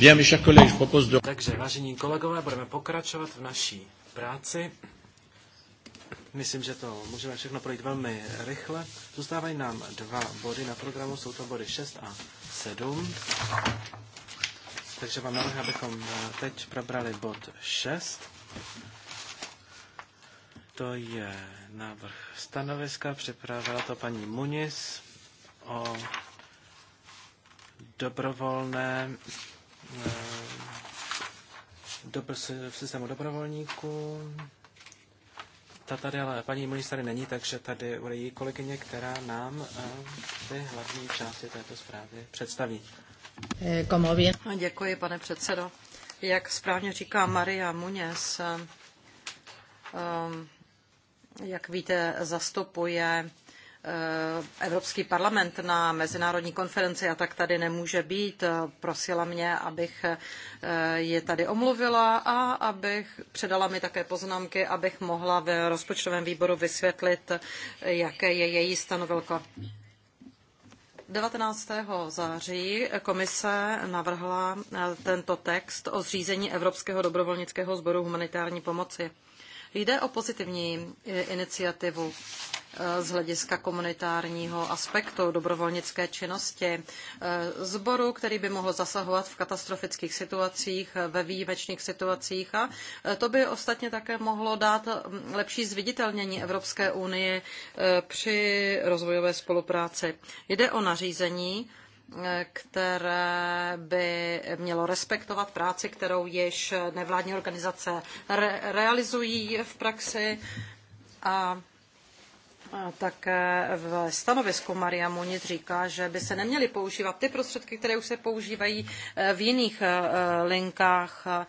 Bien, mes chers collègues, je propose de... Takže, vážení kolegové, budeme pokračovat v naší práci. Myslím, že to můžeme všechno projít velmi rychle. Zůstávají nám dva body na programu, jsou to body 6 a 7. Takže vám navrhuji, abychom eh, teď probrali bod 6. To je návrh stanoviska, připravila to paní Muniz o dobrovolné eh, do v systému dobrovolníků. Ta tady, ale paní Munis tady není, takže tady bude její kolegyně, která nám eh, ty hlavní části této zprávy představí. Eh, děkuji, pane předsedo. Jak správně říká Maria Muněs, jak víte, zastupuje Eh, Evropský parlament na mezinárodní konferenci a tak tady nemůže být. Prosila mě, abych eh, je tady omluvila a abych předala mi také poznámky, abych mohla v rozpočtovém výboru vysvětlit, jaké je její stanovilko. 19. září komise navrhla eh, tento text o zřízení Evropského dobrovolnického sboru humanitární pomoci. Jde o pozitivní e, iniciativu e, z hlediska komunitárního aspektu dobrovolnické činnosti sboru, e, který by mohl zasahovat v katastrofických situacích, ve výjimečných situacích a to by ostatně také mohlo dát lepší zviditelnění Evropské unie při rozvojové spolupráci. Jde o nařízení které by mělo respektovat práci, kterou již nevládní organizace re- realizují v praxi. A také v stanovisku Maria Munit říká, že by se neměly používat ty prostředky, které už se používají eh, v jiných eh, linkách eh,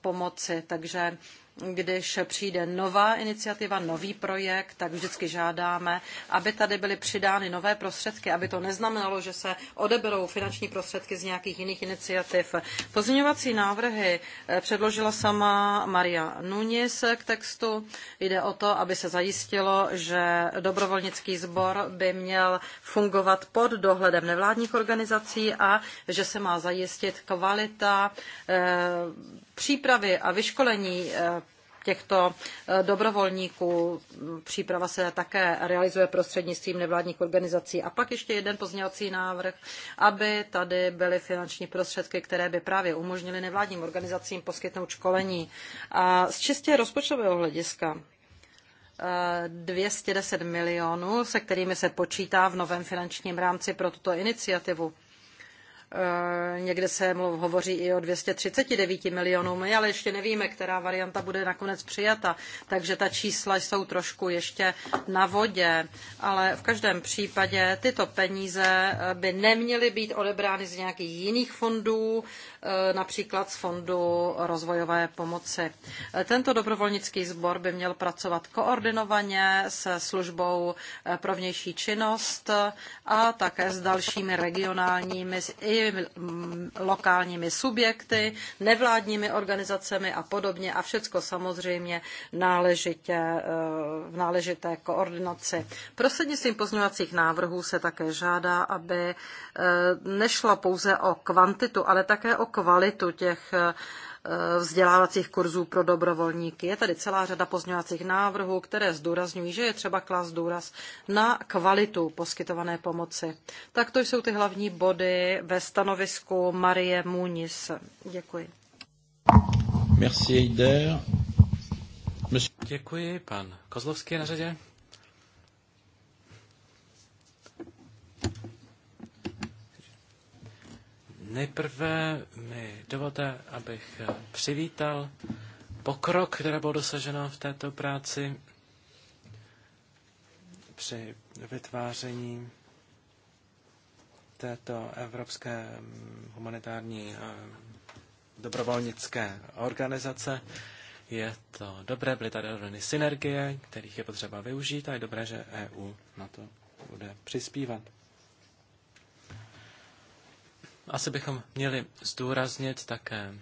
pomoci. Takže když přijde nová iniciativa, nový projekt, tak vždycky žádáme, aby tady byly přidány nové prostředky, aby to neznamenalo, že se odeberou finanční prostředky z nějakých jiných iniciativ. Pozměňovací návrhy eh, předložila sama Maria Nunis k textu. Jde o to, aby se zajistilo, že dobrovolnický sbor by měl fungovat pod dohledem nevládních organizací a že se má zajistit kvalita eh, přípravy a vyškolení eh, těchto eh, dobrovolníků. Příprava se také realizuje prostřednictvím nevládních organizací. A pak ještě jeden pozměňovací návrh, aby tady byly finanční prostředky, které by právě umožnily nevládním organizacím poskytnout školení. A z čistě rozpočtového hlediska 210 eh, milionů, se kterými se počítá v novém finančním rámci pro tuto iniciativu. Eh, někde se mluv, hovoří i o 239 milionů, ale ještě nevíme, která varianta bude nakonec přijata, takže ta čísla jsou trošku ještě na vodě, ale v každém případě tyto peníze eh, by neměly být odebrány z nějakých jiných fondů, Eh, například z Fondu rozvojové pomoci. Eh, tento dobrovolnický sbor by měl pracovat koordinovaně se službou eh, pro vnější činnost a také s dalšími regionálními i mm, lokálními subjekty, nevládními organizacemi a podobně a všecko samozřejmě náležitě, v náležité koordinaci. Prostřednictvím pozměňovacích návrhů se také žádá, aby nešlo pouze o kvantitu, ale také o kvalitu těch eh, vzdělávacích kurzů pro dobrovolníky. Je tady celá řada pozměňovacích návrhů, které zdůrazňují, že je třeba klást důraz na kvalitu poskytované pomoci. Tak to jsou ty hlavní body ve stanovisku Marie Munis. Děkuji. Merci, Děkuji, pan Kozlovský je na řadě. Nejprve mi dovolte, abych přivítal pokrok, který byl dosaženo v této práci při vytváření této evropské humanitární dobrovolnické organizace. Je to dobré, byly tady rovny synergie, kterých je potřeba využít a je dobré, že EU na to bude přispívat. Asi bychom měli zdůraznit také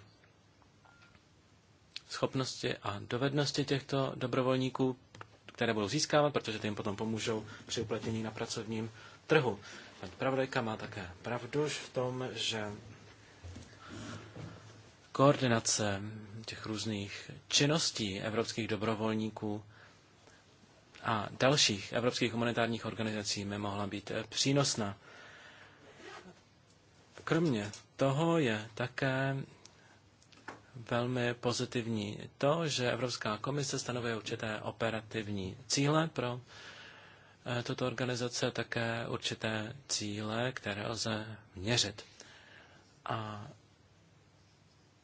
schopnosti a dovednosti těchto dobrovolníků, které budou získávat, protože ty jim potom pomůžou při uplatnění na pracovním trhu. Pan Pravdejka má také pravdu v tom, že koordinace těch různých činností evropských dobrovolníků a dalších evropských humanitárních organizací by mohla být přínosná. Kromě toho je také velmi pozitivní to, že Evropská komise stanovuje určité operativní cíle pro eh, tuto organizace, také určité cíle, které lze měřit. A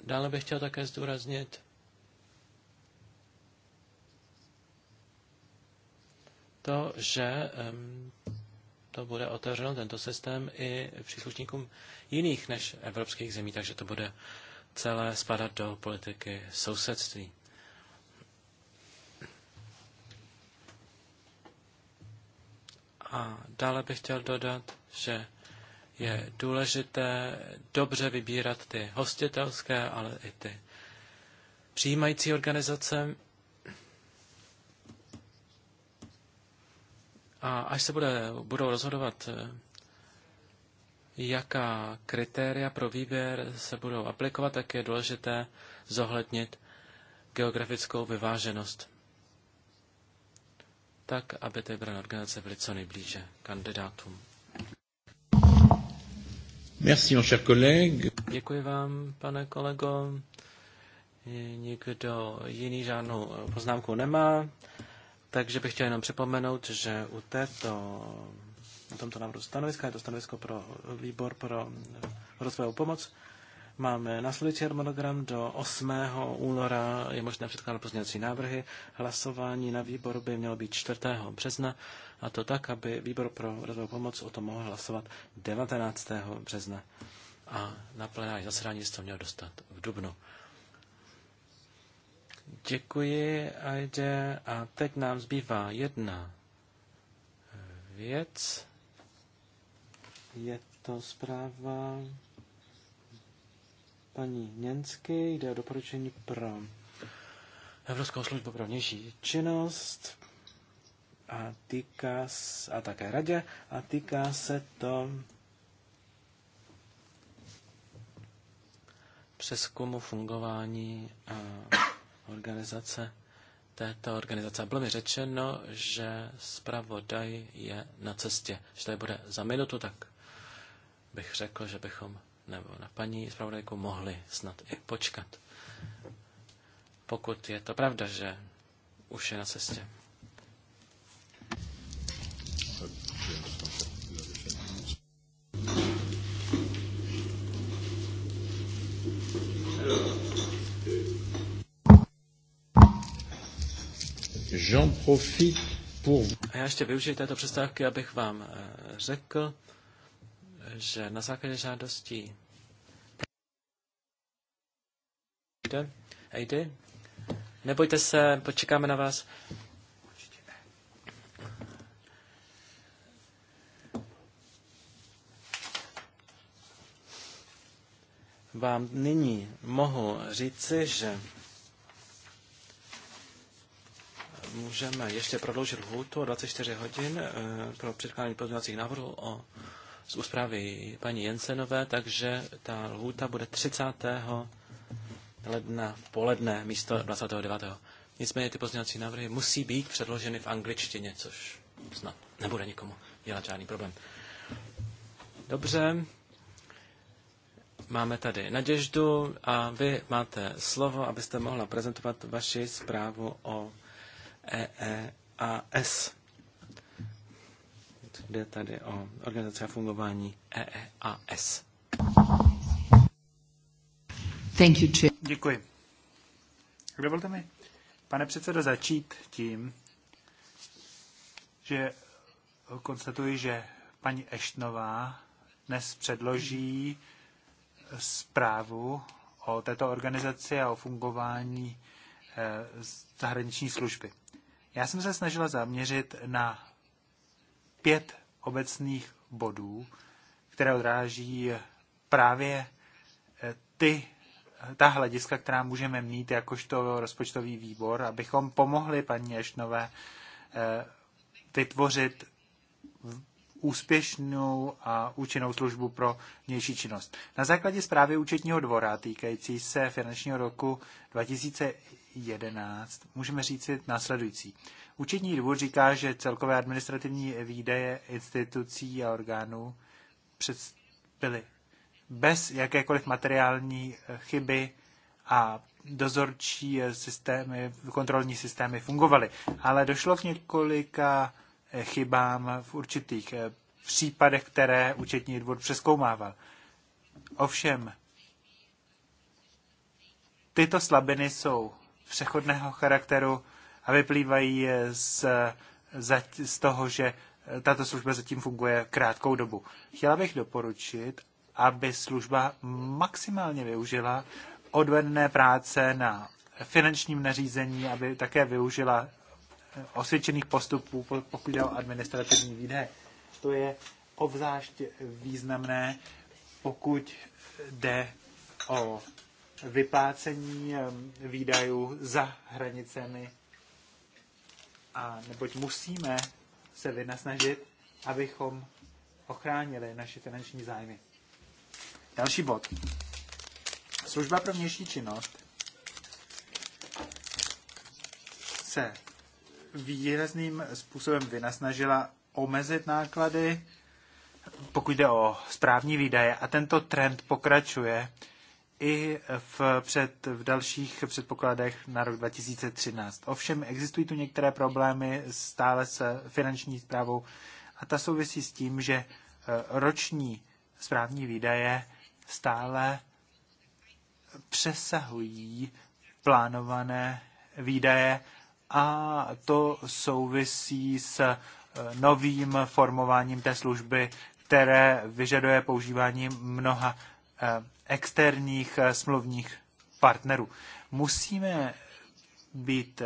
dále bych chtěl také zdůraznit to, že to bude otevřeno, tento systém, i příslušníkům jiných než evropských zemí, takže to bude celé spadat do politiky sousedství. A dále bych chtěl dodat, že je důležité dobře vybírat ty hostitelské, ale i ty přijímající organizace. A až se bude, budou rozhodovat, eh, jaká kritéria pro výběr se budou aplikovat, tak je důležité zohlednit geografickou vyváženost. Tak, aby ty brané organizace byly co nejblíže kandidátům. Merci, mon cher Děkuji vám, pane kolego. Nikdo jiný žádnou eh, poznámku nemá. Takže bych chtěl jenom připomenout, že u této, na tomto návrhu stanoviska, je to stanovisko pro výbor pro rozvojovou pomoc, máme následující harmonogram do 8. února, je možné předkládat pozměňovací návrhy, hlasování na výboru by mělo být 4. března, a to tak, aby výbor pro rozvojovou pomoc o tom mohl hlasovat 19. března. A na plenární zasedání se to mělo dostat v dubnu. Děkuji, Aide. A teď nám zbývá jedna eh, věc. Je to zpráva paní Něnsky. Jde o doporučení pro Evropskou službu pro vnější činnost a týká se, a také radě, a týká se to přeskumu fungování a organizace této organizace. Bylo mi řečeno, že zpravodaj je na cestě. Že tady bude za minutu, tak bych řekl, že bychom nebo na paní zpravodajku mohli snad i počkat. Pokud je to pravda, že už je na cestě. profit pour... A já ještě využiju této přestávky, abych vám eh, řekl, že na základě žádostí Ejdy, nebojte se, počekáme na vás. Vám nyní mohu říci, že můžeme ještě prodloužit lhůtu o 24 hodin eh, pro předkládání pozměňovacích návrhů o, z úspravy paní Jensenové, takže ta lhůta bude 30. ledna v poledne místo 29. Nicméně ty pozměňovací návrhy musí být předloženy v angličtině, což snad nebude nikomu dělat žádný problém. Dobře, máme tady Naděždu a vy máte slovo, abyste mohla prezentovat vaši zprávu o E, e, S. Jde tady o organizaci a fungování EEAS. Thank you, Chair. Děkuji. Dovolte mi, pane předsedo, začít tím, že konstatuji, že paní Eštnová dnes předloží zprávu o této organizaci a o fungování eh, zahraniční služby. Já jsem se snažila zaměřit na pět obecných bodů, které odráží právě eh, ty, eh, ta hlediska, která můžeme mít jakožto rozpočtový výbor, abychom pomohli paní Ešnové eh, vytvořit úspěšnou a účinnou službu pro vnější činnost. Na základě zprávy účetního dvora týkající se finančního roku 2000, 11 můžeme si následující. Účetní dvůr říká, že celkové administrativní výdaje institucí a orgánů byly bez jakékoliv materiální chyby a dozorčí systémy, kontrolní systémy fungovaly. Ale došlo k několika chybám v určitých eh, případech, které účetní dvůr přeskoumával. Ovšem, tyto slabiny jsou přechodného charakteru a vyplývají z, z toho, že tato služba zatím funguje krátkou dobu. Chtěla bych doporučit, aby služba maximálně využila odvedné práce na finančním nařízení, aby také využila eh, osvědčených postupů, pokud jde o administrativní výdaje. To je obzvlášť významné, pokud jde o vyplácení eh, výdajů za hranicemi. A neboť musíme se vynasnažit, abychom ochránili naše finanční zájmy. Další bod. Služba pro vnější činnost se výrazným způsobem vynasnažila omezit náklady, pokud jde o správní výdaje. A tento trend pokračuje i v, před, v dalších předpokladech na rok 2013. Ovšem existují tu některé problémy stále s finanční zprávou a ta souvisí s tím, že eh, roční správní výdaje stále přesahují plánované výdaje a to souvisí s eh, novým formováním té služby, které vyžaduje používání mnoha Eh, externích eh, smluvních partnerů. Musíme být eh,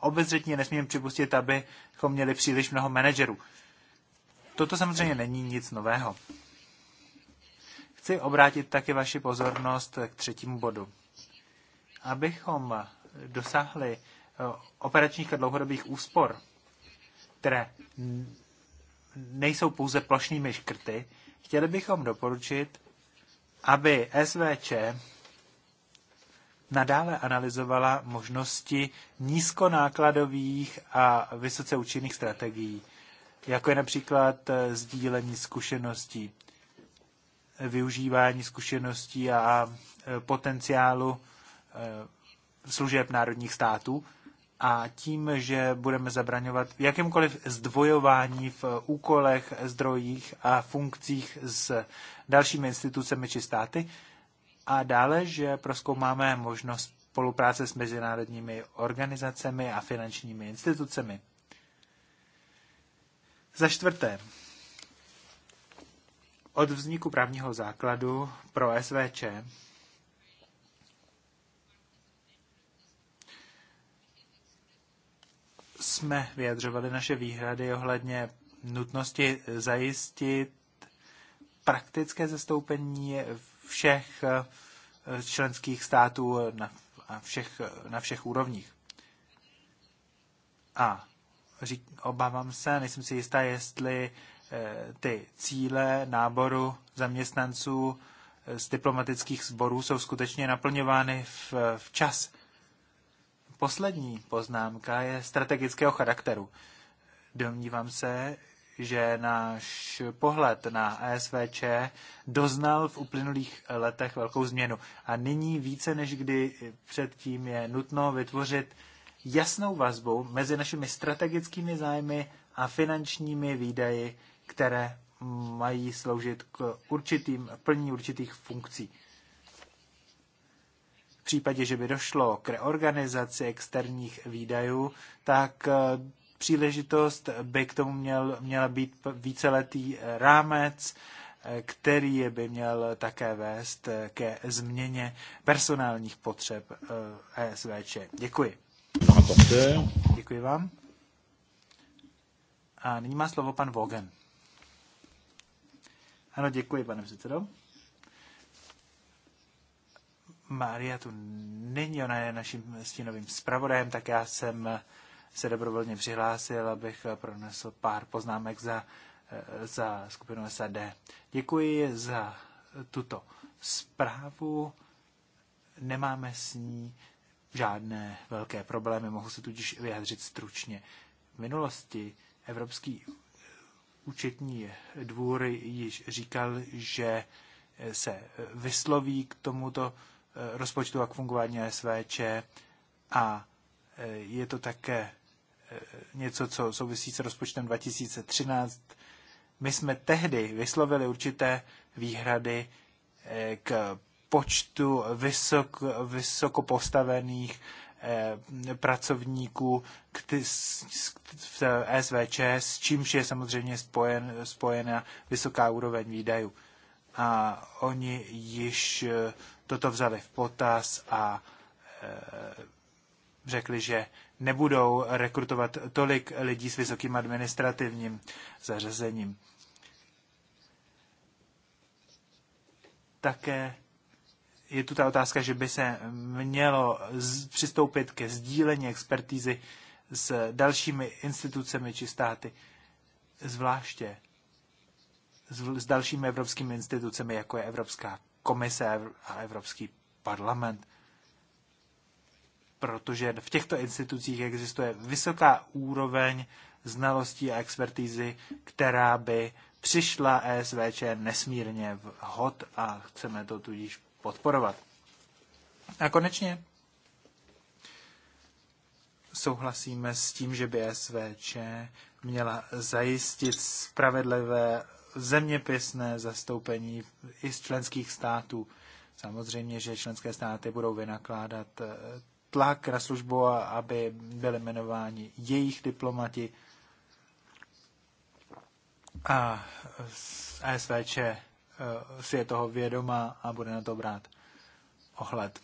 obezřetně, nesmíme připustit, abychom měli příliš mnoho manažerů. Toto samozřejmě není nic nového. Chci obrátit také vaši pozornost k třetímu bodu. Abychom dosáhli operačních a dlouhodobých úspor, které nejsou pouze plošnými škrty, chtěli bychom doporučit, aby SVČ nadále analyzovala možnosti nízkonákladových a vysoce účinných strategií, jako je například eh, sdílení zkušeností, využívání zkušeností a eh, potenciálu eh, služeb národních států, a tím, že budeme zabraňovat jakémkoliv zdvojování v úkolech, zdrojích a funkcích s dalšími institucemi či státy. A dále, že proskoumáme možnost spolupráce s mezinárodními organizacemi a finančními institucemi. Za čtvrté, od vzniku právního základu pro SVČ jsme vyjadřovali naše výhrady ohledně nutnosti zajistit praktické zastoupení všech eh, členských států na všech, na všech úrovních. A řík, obávám se, nejsem si jistá, jestli eh, ty cíle náboru zaměstnanců eh, z diplomatických sborů jsou skutečně naplňovány v, čas poslední poznámka je strategického charakteru. Domnívám se, že náš pohled na ESVČ doznal v uplynulých letech velkou změnu. A nyní více než kdy předtím je nutno vytvořit jasnou vazbu mezi našimi strategickými zájmy a finančními výdaji, které mají sloužit k určitým, plní určitých funkcí v případě, že by došlo k reorganizaci externích výdajů, tak eh, příležitost by k tomu měl, měla být víceletý eh, rámec, eh, který by měl také vést ke změně personálních potřeb ESVČ. E děkuji. Děkuji vám. A nyní má slovo pan Vogen. Ano, děkuji, pane předsedo. Maria tu není, ona je naším stínovým zpravodajem, tak já jsem se dobrovolně přihlásil, abych pronesl pár poznámek za, za skupinu SAD. Děkuji za tuto zprávu. Nemáme s ní žádné velké problémy, mohu se tudíž vyjádřit stručně. V minulosti Evropský účetní dvůr již říkal, že se vysloví k tomuto Eh, rozpočtu a k fungování SVČ a eh, je to také eh, něco, co souvisí s rozpočtem 2013. My jsme tehdy vyslovili určité výhrady k počtu vysok, vysoko postavených pracovníků v SVČ, s čímž je samozřejmě spojen, spojena vysoká úroveň výdajů a oni již eh, toto vzali v potaz a eh, řekli, že nebudou rekrutovat tolik lidí s vysokým administrativním zařazením. Také je tu ta otázka, že by se mělo přistoupit ke sdílení expertízy s dalšími institucemi či státy, zvláště s dalšími evropskými institucemi, jako je Evropská komise a Evropský parlament. Protože v těchto institucích existuje vysoká úroveň znalostí a expertízy, která by přišla ESVČ nesmírně vhod a chceme to tudíž podporovat. A konečně souhlasíme s tím, že by e SVČ měla zajistit spravedlivé zeměpisné zastoupení i z členských států. Samozřejmě, že členské státy budou vynakládat eh, tlak na službu, aby byly jmenováni jejich diplomati a SVČ eh, si je toho vědoma a bude na to brát ohled.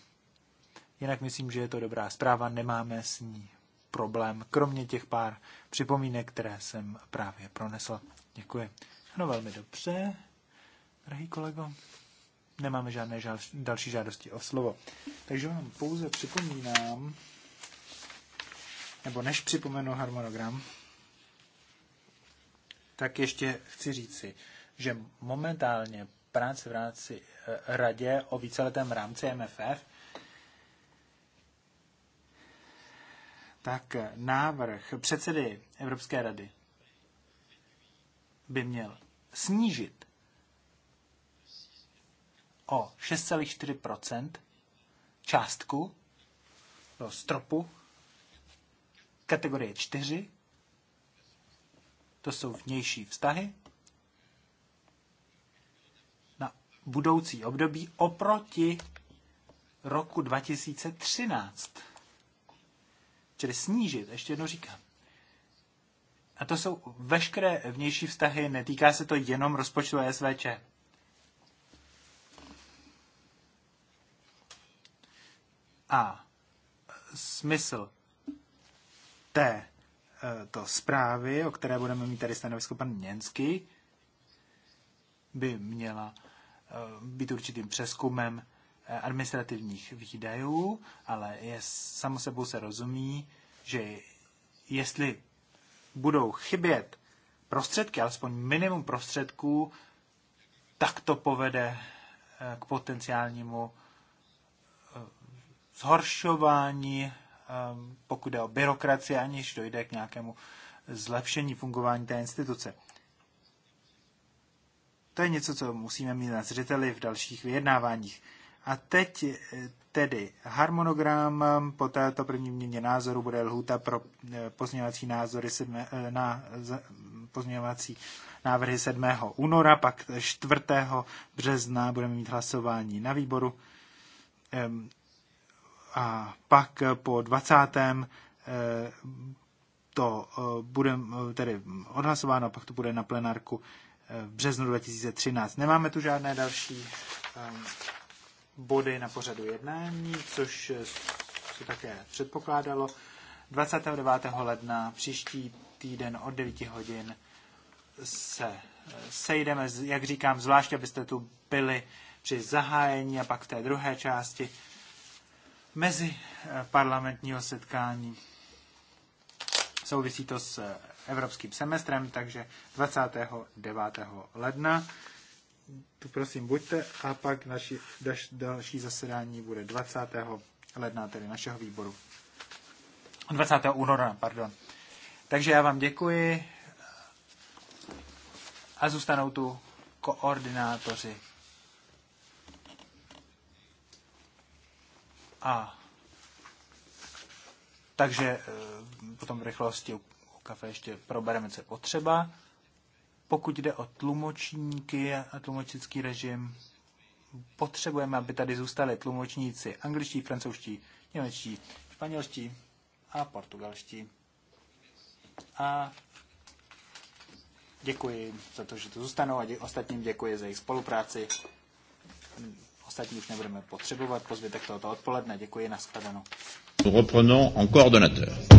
Jinak myslím, že je to dobrá zpráva, nemáme s ní problém, kromě těch pár připomínek, které jsem právě pronesl. Děkuji no velmi dobře, drahý kolego. Nemáme žádné žád, další žádosti o slovo. Takže vám pouze připomínám, nebo než připomenu harmonogram, tak ještě chci říci, že momentálně práce v rámci eh, radě o víceletém rámci MFF, tak eh, návrh předsedy Evropské rady by měl snížit o 6,4 částku do stropu kategorie 4, to jsou vnější vztahy, na budoucí období oproti roku 2013. Čili snížit, ještě jednou říkám, a to jsou veškeré vnější vztahy, netýká se to jenom rozpočtu SVČ. A smysl té e, to zprávy, o které budeme mít tady stanovisko pan Měnsky, by měla e, být určitým přeskumem e, administrativních výdajů, ale je, samo sebou se rozumí, že jestli budou chybět prostředky, alespoň minimum prostředků, tak to povede eh, k potenciálnímu eh, zhoršování, eh, pokud jde o byrokracii, aniž dojde k nějakému zlepšení fungování té instituce. To je něco, co musíme mít na zřeteli v dalších vyjednáváních. A teď eh, tedy harmonogram eh, po této první měně názoru bude lhůta pro eh, pozměňovací názory sedme, na pozměňovací návrhy 7. února, pak 4. března budeme mít hlasování na výboru a pak po 20. to bude tedy odhlasováno, pak to bude na plenárku v březnu 2013. Nemáme tu žádné další body na pořadu jednání, což se také předpokládalo. 29. ledna příští týden od 9 hodin se sejdeme, jak říkám, zvlášť, abyste tu byli při zahájení a pak v té druhé části mezi eh, parlamentního setkání. Souvisí to s eh, evropským semestrem, takže 29. ledna tu prosím buďte a pak naši, daš, další zasedání bude 20. ledna, tedy našeho výboru. 20. února, pardon. Takže já vám děkuji a zůstanou tu koordinátoři. A takže eh, potom v rychlosti u kafe ještě probereme, co je potřeba. Pokud jde o tlumočníky a tlumočnický režim, potřebujeme, aby tady zůstali tlumočníci angličtí, francouzští, němečtí, španělští a portugalští. A děkuji za to, že tu zůstanou a dě- ostatním děkuji za jejich spolupráci. Ostatní už nebudeme potřebovat po zbytek tohoto odpoledne. Děkuji, nashledanou. reprenons en coordonnateur.